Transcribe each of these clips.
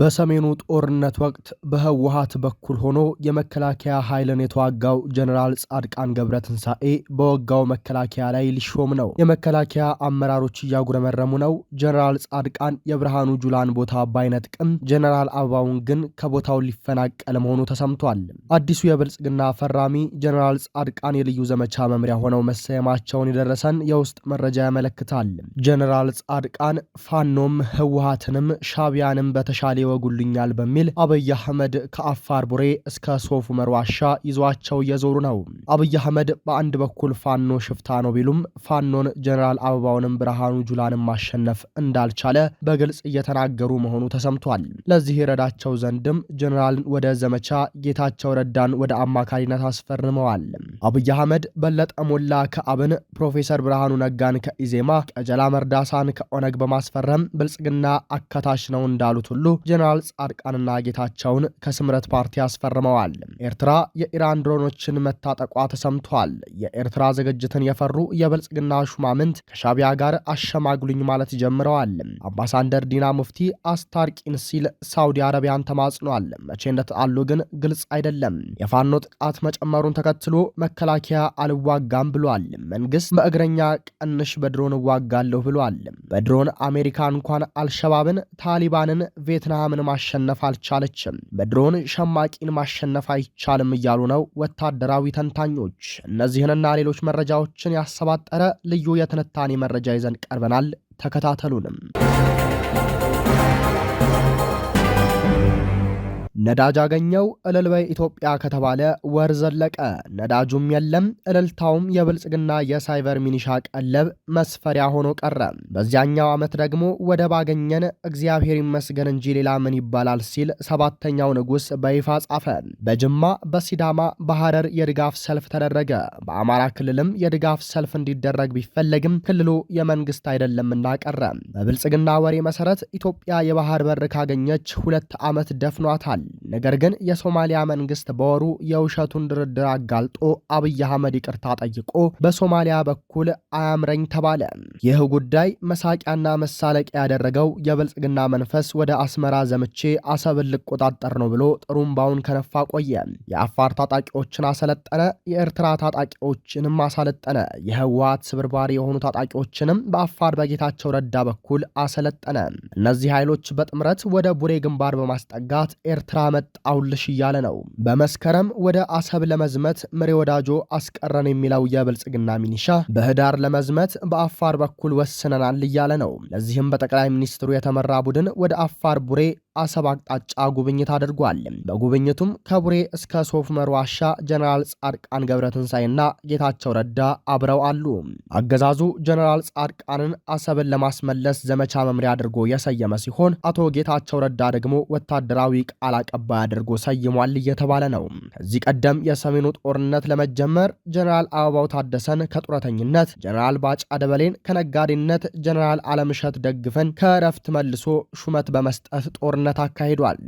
በሰሜኑ ጦርነት ወቅት በህወሀት በኩል ሆኖ የመከላከያ ኃይልን የተዋጋው ጀኔራል ጻድቃን ገብረ ትንሣኤ በወጋው መከላከያ ላይ ሊሾም ነው። የመከላከያ አመራሮች እያጉረመረሙ ነው። ጀኔራል ጻድቃን የብርሃኑ ጁላን ቦታ ባይነጥቅም ጀኔራል አበባውን ግን ከቦታው ሊፈናቀል መሆኑ ተሰምቷል። አዲሱ የብልጽግና ፈራሚ ጀኔራል ጻድቃን የልዩ ዘመቻ መምሪያ ሆነው መሰየማቸውን የደረሰን የውስጥ መረጃ ያመለክታል። ጀኔራል ጻድቃን ፋኖም ህወሀትንም ሻቢያንም በተሻለ ይወጉልኛል በሚል አብይ አህመድ ከአፋር ቡሬ እስከ ሶፍ ዑመር ዋሻ ይዟቸው እየዞሩ ነው። አብይ አህመድ በአንድ በኩል ፋኖ ሽፍታ ነው ቢሉም ፋኖን ጀኔራል አበባውንም ብርሃኑ ጁላንም ማሸነፍ እንዳልቻለ በግልጽ እየተናገሩ መሆኑ ተሰምቷል። ለዚህ ይረዳቸው ዘንድም ጀኔራልን ወደ ዘመቻ ጌታቸው ረዳን ወደ አማካሪነት አስፈርመዋል። አብይ አህመድ በለጠ ሞላ ከአብን፣ ፕሮፌሰር ብርሃኑ ነጋን ከኢዜማ፣ ቀጀላ መርዳሳን ከኦነግ በማስፈረም ብልጽግና አካታች ነው እንዳሉት ሁሉ ጀኔራል ጻድቃንና ጌታቸውን ከስምረት ፓርቲ አስፈርመዋል። ኤርትራ የኢራን ድሮኖችን መታጠቋ ተሰምቷል። የኤርትራ ዝግጅትን የፈሩ የብልጽግና ሹማምንት ከሻቢያ ጋር አሸማግሉኝ ማለት ጀምረዋል። አምባሳደር ዲና ሙፍቲ አስታርቂን ሲል ሳውዲ አረቢያን ተማጽኗል። መቼ እንደተጣሉ ግን ግልጽ አይደለም። የፋኖ ጥቃት መጨመሩን ተከትሎ መከላከያ አልዋጋም ብሏል። መንግስት በእግረኛ ቀንሽ በድሮን እዋጋለሁ ብሏል። በድሮን አሜሪካ እንኳን አልሸባብን፣ ታሊባንን፣ ቪየትናም ሻምን ማሸነፍ አልቻለችም፣ በድሮን ሸማቂን ማሸነፍ አይቻልም እያሉ ነው ወታደራዊ ተንታኞች። እነዚህንና ሌሎች መረጃዎችን ያሰባጠረ ልዩ የትንታኔ መረጃ ይዘን ቀርበናል። ተከታተሉንም። ነዳጅ አገኘው እልል ኢትዮጵያ ከተባለ ወር ዘለቀ። ነዳጁም የለም እልልታውም የብልጽግና የሳይበር ሚኒሻ ቀለብ መስፈሪያ ሆኖ ቀረ። በዚያኛው ዓመት ደግሞ ወደብ አገኘን እግዚአብሔር ይመስገን እንጂ ሌላ ምን ይባላል ሲል ሰባተኛው ንጉሥ በይፋ ጻፈ። በጅማ በሲዳማ በሐረር የድጋፍ ሰልፍ ተደረገ። በአማራ ክልልም የድጋፍ ሰልፍ እንዲደረግ ቢፈለግም ክልሉ የመንግስት አይደለምና ቀረ። በብልጽግና ወሬ መሰረት ኢትዮጵያ የባህር በር ካገኘች ሁለት ዓመት ደፍኗታል። ነገር ግን የሶማሊያ መንግስት በወሩ የውሸቱን ድርድር አጋልጦ አብይ አህመድ ይቅርታ ጠይቆ በሶማሊያ በኩል አያምረኝ ተባለ። ይህ ጉዳይ መሳቂያና መሳለቂያ ያደረገው የብልጽግና መንፈስ ወደ አስመራ ዘምቼ አሰብን ልቆጣጠር ነው ብሎ ጥሩምባውን ከነፋ ቆየ። የአፋር ታጣቂዎችን አሰለጠነ፣ የኤርትራ ታጣቂዎችንም አሰለጠነ። የህወሓት ስብርባሪ የሆኑ ታጣቂዎችንም በአፋር በጌታቸው ረዳ በኩል አሰለጠነ። እነዚህ ኃይሎች በጥምረት ወደ ቡሬ ግንባር በማስጠጋት ኤርትራ ኤርትራ መጣውልሽ እያለ ነው። በመስከረም ወደ አሰብ ለመዝመት መሪ ወዳጆ አስቀረን የሚለው የብልጽግና ሚኒሻ በህዳር ለመዝመት በአፋር በኩል ወስነናል እያለ ነው። ለዚህም በጠቅላይ ሚኒስትሩ የተመራ ቡድን ወደ አፋር ቡሬ አሰብ አቅጣጫ ጉብኝት አድርጓል። በጉብኝቱም ከቡሬ እስከ ሶፍ መር ዋሻ ጀነራል ጻድቃን ገብረትንሳኤና ጌታቸው ረዳ አብረው አሉ። አገዛዙ ጀነራል ጻድቃንን አሰብን ለማስመለስ ዘመቻ መምሪያ አድርጎ የሰየመ ሲሆን አቶ ጌታቸው ረዳ ደግሞ ወታደራዊ ቃል አቀባይ አድርጎ ሰይሟል እየተባለ ነው። ከዚህ ቀደም የሰሜኑ ጦርነት ለመጀመር ጀነራል አበባው ታደሰን ከጡረተኝነት፣ ጀነራል ባጫ ደበሌን ከነጋዴነት፣ ጀነራል አለምሸት ደግፈን ከእረፍት መልሶ ሹመት በመስጠት ጦር ጦርነት አካሂዷል።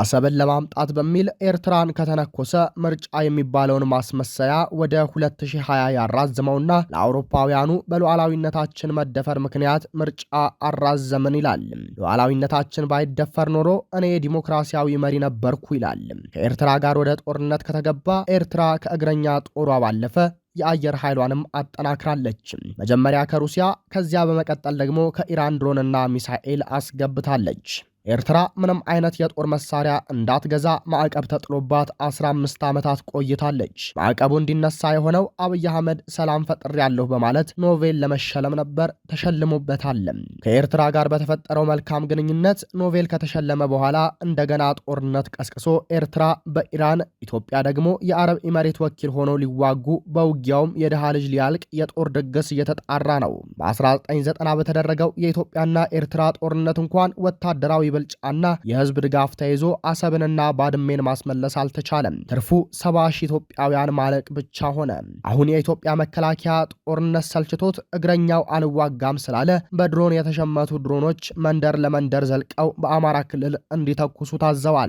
አሰብን ለማምጣት በሚል ኤርትራን ከተነኮሰ ምርጫ የሚባለውን ማስመሰያ ወደ 2020 ያራዝመውና ለአውሮፓውያኑ በሉዓላዊነታችን መደፈር ምክንያት ምርጫ አራዘምን ይላል። ሉዓላዊነታችን ባይደፈር ኖሮ እኔ ዲሞክራሲያዊ መሪ ነበርኩ ይላል። ከኤርትራ ጋር ወደ ጦርነት ከተገባ ኤርትራ ከእግረኛ ጦሯ ባለፈ የአየር ኃይሏንም አጠናክራለች። መጀመሪያ ከሩሲያ ከዚያ በመቀጠል ደግሞ ከኢራን ድሮንና ሚሳኤል አስገብታለች። ኤርትራ ምንም አይነት የጦር መሳሪያ እንዳትገዛ ማዕቀብ ተጥሎባት 15 ዓመታት ቆይታለች። ማዕቀቡ እንዲነሳ የሆነው አብይ አህመድ ሰላም ፈጥር ያለው በማለት ኖቬል ለመሸለም ነበር። ተሸልሞበታለም። ከኤርትራ ጋር በተፈጠረው መልካም ግንኙነት ኖቬል ከተሸለመ በኋላ እንደገና ጦርነት ቀስቅሶ ኤርትራ በኢራን ኢትዮጵያ ደግሞ የአረብ ኢመሬት ወኪል ሆኖ ሊዋጉ በውጊያውም የድሃ ልጅ ሊያልቅ የጦር ድግስ እየተጣራ ነው። በ1990 በተደረገው የኢትዮጵያና ኤርትራ ጦርነት እንኳን ወታደራዊ ብልጫና የህዝብ ድጋፍ ተይዞ አሰብንና ባድሜን ማስመለስ አልተቻለም። ትርፉ ሰባ ሺህ ኢትዮጵያውያን ማለቅ ብቻ ሆነ። አሁን የኢትዮጵያ መከላከያ ጦርነት ሰልችቶት እግረኛው አልዋጋም ስላለ በድሮን የተሸመቱ ድሮኖች መንደር ለመንደር ዘልቀው በአማራ ክልል እንዲተኩሱ ታዘዋል።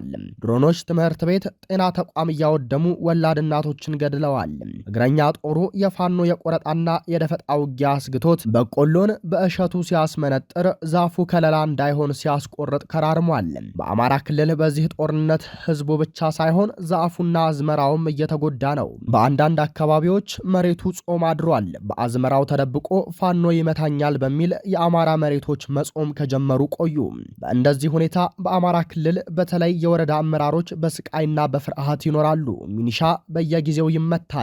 ድሮኖች ትምህርት ቤት፣ ጤና ተቋም እያወደሙ ወላድ እናቶችን ገድለዋል። እግረኛ ጦሩ የፋኖ የቆረጣና የደፈጣ ውጊያ አስግቶት በቆሎን በእሸቱ ሲያስመነጥር ዛፉ ከለላ እንዳይሆን ሲያስቆርጥ ተከራርሟል። በአማራ ክልል በዚህ ጦርነት ህዝቡ ብቻ ሳይሆን ዛፉና አዝመራውም እየተጎዳ ነው። በአንዳንድ አካባቢዎች መሬቱ ጾም አድሯል። በአዝመራው ተደብቆ ፋኖ ይመታኛል በሚል የአማራ መሬቶች መጾም ከጀመሩ ቆዩ። በእንደዚህ ሁኔታ በአማራ ክልል በተለይ የወረዳ አመራሮች በስቃይና በፍርሃት ይኖራሉ። ሚኒሻ በየጊዜው ይመታል።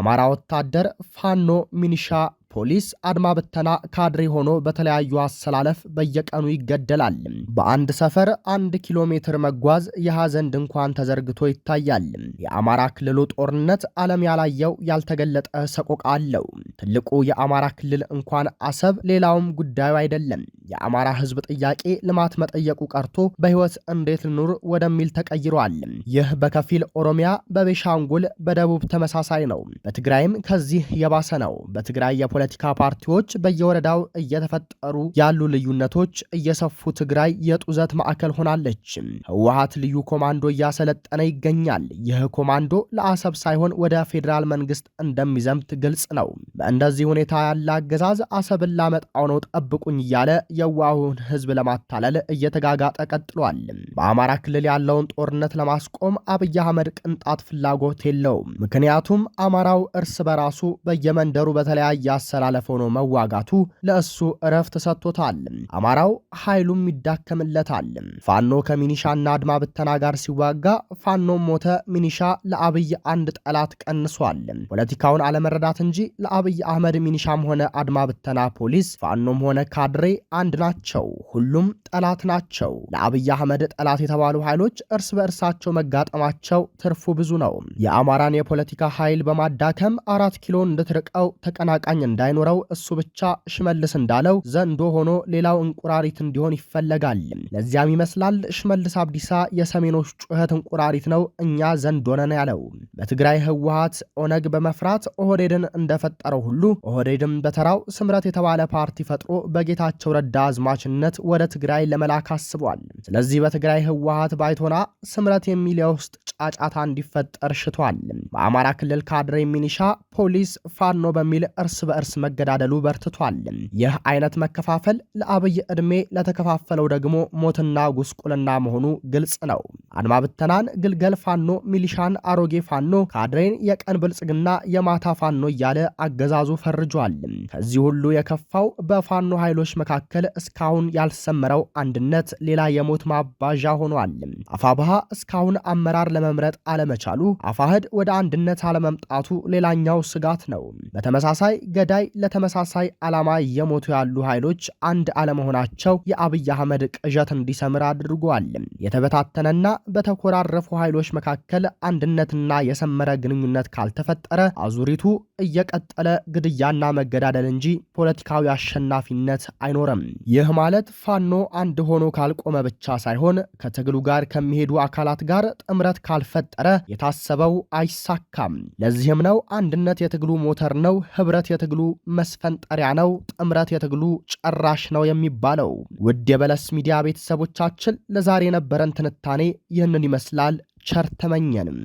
አማራ ወታደር፣ ፋኖ፣ ሚኒሻ ፖሊስ አድማ ብተና ካድሬ ሆኖ በተለያዩ አሰላለፍ በየቀኑ ይገደላል። በአንድ ሰፈር አንድ ኪሎ ሜትር መጓዝ የሐዘን ድንኳን ተዘርግቶ ይታያል። የአማራ ክልሉ ጦርነት ዓለም ያላየው ያልተገለጠ ሰቆቃ አለው። ትልቁ የአማራ ክልል እንኳን አሰብ ሌላውም ጉዳዩ አይደለም። የአማራ ሕዝብ ጥያቄ ልማት መጠየቁ ቀርቶ በሕይወት እንዴት ኑር ወደሚል ተቀይሯል። ይህ በከፊል ኦሮሚያ፣ በቤሻንጉል፣ በደቡብ ተመሳሳይ ነው። በትግራይም ከዚህ የባሰ ነው። በትግራይ የፖለቲካ ፓርቲዎች በየወረዳው እየተፈጠሩ ያሉ ልዩነቶች እየሰፉ ትግራይ የጡዘት ማዕከል ሆናለች። ህወሀት ልዩ ኮማንዶ እያሰለጠነ ይገኛል። ይህ ኮማንዶ ለአሰብ ሳይሆን ወደ ፌዴራል መንግስት እንደሚዘምት ግልጽ ነው። በእንደዚህ ሁኔታ ያለ አገዛዝ አሰብን ላመጣው ነው ጠብቁኝ እያለ የዋሁን ህዝብ ለማታለል እየተጋጋጠ ቀጥሏል። በአማራ ክልል ያለውን ጦርነት ለማስቆም አብይ አህመድ ቅንጣት ፍላጎት የለውም። ምክንያቱም አማራው እርስ በራሱ በየመንደሩ በተለያየ መሰላለፍ ሆኖ መዋጋቱ ለእሱ እረፍት ሰጥቶታል። አማራው ኃይሉም ይዳከምለታል። ፋኖ ከሚኒሻና አድማ ብተና ጋር ሲዋጋ ፋኖም ሞተ፣ ሚኒሻ ለአብይ አንድ ጠላት ቀንሷል። ፖለቲካውን አለመረዳት እንጂ ለአብይ አህመድ ሚኒሻም ሆነ አድማ ብተና ፖሊስ፣ ፋኖም ሆነ ካድሬ አንድ ናቸው። ሁሉም ጠላት ናቸው። ለአብይ አህመድ ጠላት የተባሉ ኃይሎች እርስ በእርሳቸው መጋጠማቸው ትርፉ ብዙ ነው። የአማራን የፖለቲካ ኃይል በማዳከም አራት ኪሎን እንድትርቀው ተቀናቃኝ እንዳይኖረው እሱ ብቻ ሽመልስ እንዳለው ዘንዶ ሆኖ ሌላው እንቁራሪት እንዲሆን ይፈለጋል። ለዚያም ይመስላል ሽመልስ አብዲሳ የሰሜኖች ጩኸት እንቁራሪት ነው፣ እኛ ዘንዶ ነን ያለው። በትግራይ ህወሀት ኦነግ በመፍራት ኦህዴድን እንደፈጠረው ሁሉ ኦህዴድም በተራው ስምረት የተባለ ፓርቲ ፈጥሮ በጌታቸው ረዳ አዝማችነት ወደ ትግራይ ለመላክ አስቧል። ስለዚህ በትግራይ ህወሀት ባይቶና ስምረት የሚል የውስጥ ጫጫታ እንዲፈጠር ሽቷል። በአማራ ክልል ካድሬ ሚኒሻ፣ ፖሊስ፣ ፋኖ በሚል እርስ በእርስ እርስ መገዳደሉ በርትቷል። ይህ አይነት መከፋፈል ለአብይ ዕድሜ ለተከፋፈለው ደግሞ ሞትና ጉስቁልና መሆኑ ግልጽ ነው። አድማ ብተናን፣ ግልገል ፋኖ፣ ሚሊሻን፣ አሮጌ ፋኖ፣ ካድሬን፣ የቀን ብልጽግና፣ የማታ ፋኖ እያለ አገዛዙ ፈርጇል። ከዚህ ሁሉ የከፋው በፋኖ ኃይሎች መካከል እስካሁን ያልሰመረው አንድነት ሌላ የሞት ማባዣ ሆኗል። አፋብሃ እስካሁን አመራር ለመምረጥ አለመቻሉ፣ አፋህድ ወደ አንድነት አለመምጣቱ ሌላኛው ስጋት ነው። በተመሳሳይ ገዳይ ላይ ለተመሳሳይ ዓላማ እየሞቱ ያሉ ኃይሎች አንድ አለመሆናቸው የአብይ አህመድ ቅዠት እንዲሰምር አድርጓል። የተበታተነና በተኮራረፉ ኃይሎች መካከል አንድነትና የሰመረ ግንኙነት ካልተፈጠረ አዙሪቱ እየቀጠለ ግድያና መገዳደል እንጂ ፖለቲካዊ አሸናፊነት አይኖርም። ይህ ማለት ፋኖ አንድ ሆኖ ካልቆመ ብቻ ሳይሆን ከትግሉ ጋር ከሚሄዱ አካላት ጋር ጥምረት ካልፈጠረ የታሰበው አይሳካም። ለዚህም ነው አንድነት የትግሉ ሞተር ነው፣ ህብረት የትግሉ መስፈንጠሪያ ነው። ጥምረት የትግሉ ጨራሽ ነው የሚባለው። ውድ የበለስ ሚዲያ ቤተሰቦቻችን ለዛሬ የነበረን ትንታኔ ይህንን ይመስላል። ቸር ተመኘንም።